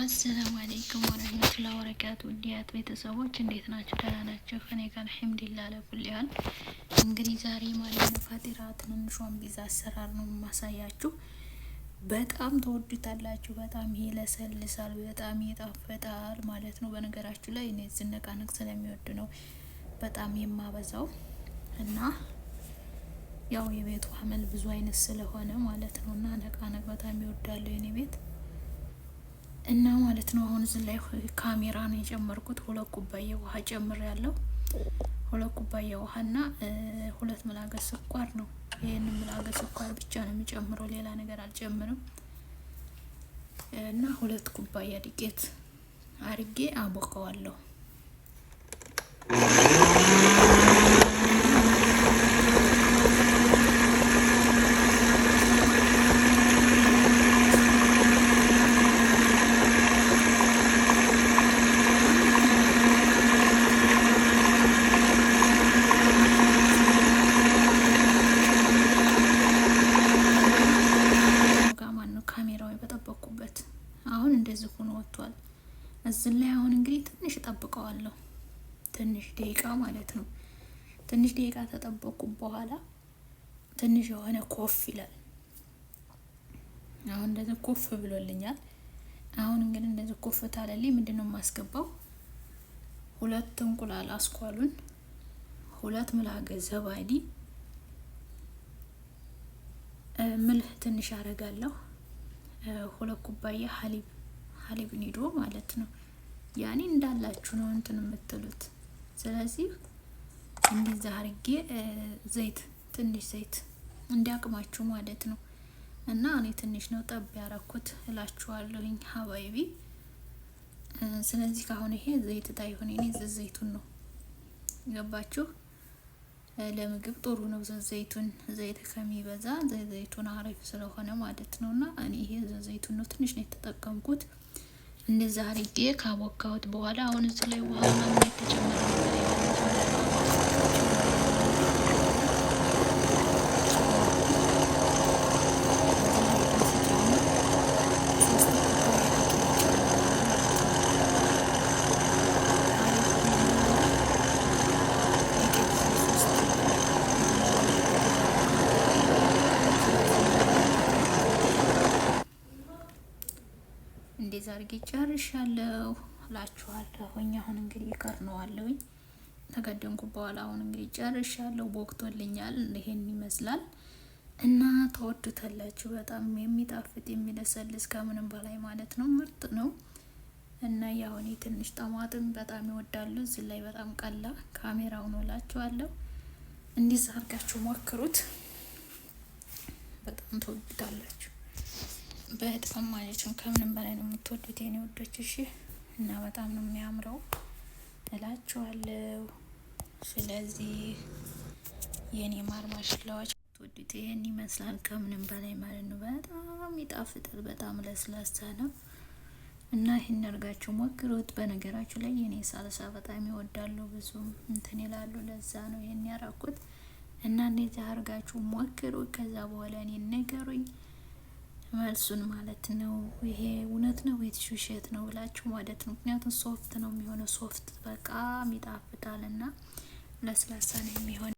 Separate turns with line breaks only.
አሰላሙ አለይኩም ወረህመቱላ ወረካቱ ውዲያት ቤተሰቦች እንዴት ናቸው? ደህና ናቸው? እኔ ጋር አልሐምዱሊላህ ለኩልያል። እንግዲህ ዛሬ ማለት ነው ፋጢራ ትንሿን ፒዛ አሰራር ነው የማሳያችሁ። በጣም ተወዱታላችሁ። በጣም ይለሰልሳል፣ በጣም ይጣፈጣል ማለት ነው። በነገራችሁ ላይ እኔ ዝነቃነቅ ስለሚወድ ነው በጣም የማበዛው እና ያው የቤቱ አመል ብዙ አይነት ስለሆነ ማለት ነው እና ነቃነቅ በጣም ይወዳለሁ የኔ ቤት እና ማለት ነው አሁን እዚህ ላይ ካሜራ ነው የጨመርኩት። ሁለት ኩባያ ውሃ ጨምር ያለው ሁለት ኩባያ ውሃና ሁለት ምላገ ስኳር ነው። ይህን ምላገ ስኳር ብቻ ነው የሚጨምረው፣ ሌላ ነገር አልጨምርም። እና ሁለት ኩባያ ዱቄት አርጌ አቦከዋለሁ። ወጥቷል። እዚህ ላይ አሁን እንግዲህ ትንሽ እጠብቀዋለሁ፣ ትንሽ ደቂቃ ማለት ነው። ትንሽ ደቂቃ ተጠበቁ በኋላ ትንሽ የሆነ ኮፍ ይላል። አሁን እንደዚህ ኮፍ ብሎልኛል። አሁን እንግዲህ እንደዚህ ኮፍ ታለልኝ ምንድን ነው የማስገባው? ሁለት እንቁላል አስኳሉን፣ ሁለት ምላገ ዘባዲ ምልህ ትንሽ አረጋለሁ፣ ሁለት ኩባያ ሀሊብ ሀሊብን ሂዶ ማለት ነው። ያኔ እንዳላችሁ ነው እንትን የምትሉት። ስለዚህ እንዲዛ አርጌ ዘይት ትንሽ ዘይት እንዲያቅማችሁ ማለት ነው። እና እኔ ትንሽ ነው ጠብ ያረኩት እላችኋለሁኝ ሀባይቢ። ስለዚህ ካሁን ይሄ ዘይት ታይሆን እኔ ዘይቱን ነው ገባችሁ። ለምግብ ጥሩ ነው ዘይቱን። ዘይት ከሚበዛ ዘይቱን አሪፍ ስለሆነ ማለት ነው። እና እኔ ይሄ ዘይቱን ነው ትንሽ ነው የተጠቀምኩት። እንደዛ አርጌ ካቦካሁት በኋላ አሁን እዚህ ላይ ውሃ ማግኘት ተጨመረ። አድርጌ ጨርሻለሁ እላችኋለሁኝ። አሁን እንግዲህ ይቀርነዋለሁኝ ተገደንኩ በኋላ አሁን እንግዲህ ጨርሻለሁ። ቦክቶልኛል። ይሄን ይመስላል እና ተወዱታላችሁ። በጣም የሚጣፍጥ የሚለሰልስ ከምንም በላይ ማለት ነው። ምርጥ ነው እና ያው ትንሽ ጠማጥም በጣም ይወዳሉ። እዚህ ላይ በጣም ቀላ ካሜራው ነው እላችኋለሁ። እንዲህ አድርጋችሁ ሞክሩት። በጣም ተወዱታላችሁ። በጣም ማለት ነው ከምንም በላይ ነው የምትወዱት የኔ ወዶች፣ እሺ። እና በጣም ነው የሚያምረው እላችኋለሁ። ስለዚህ የኔ ማር ማሽላዎች ወዱት ይህን ይመስላል ከምንም በላይ ማለት ነው። በጣም ይጣፍጣል። በጣም ለስላሳ ነው እና ይህን አድርጋችሁ ሞክሩት። በነገራችሁ ላይ የኔ ሳልሳ በጣም ይወዳሉ፣ ብዙም እንትን ይላሉ። ለዛ ነው ይህን ያራኩት እና እንደዚህ አድርጋችሁ ሞክሩ። ከዛ በኋላ ኔ ነገሩኝ። መልሱን ማለት ነው። ይሄ እውነት ነው ወይስ ውሸት ነው ብላችሁ ማለት ነው። ምክንያቱም ሶፍት ነው የሚሆነው ሶፍት በጣም ይጣፍጣል እና ለስላሳ ነው የሚሆነው።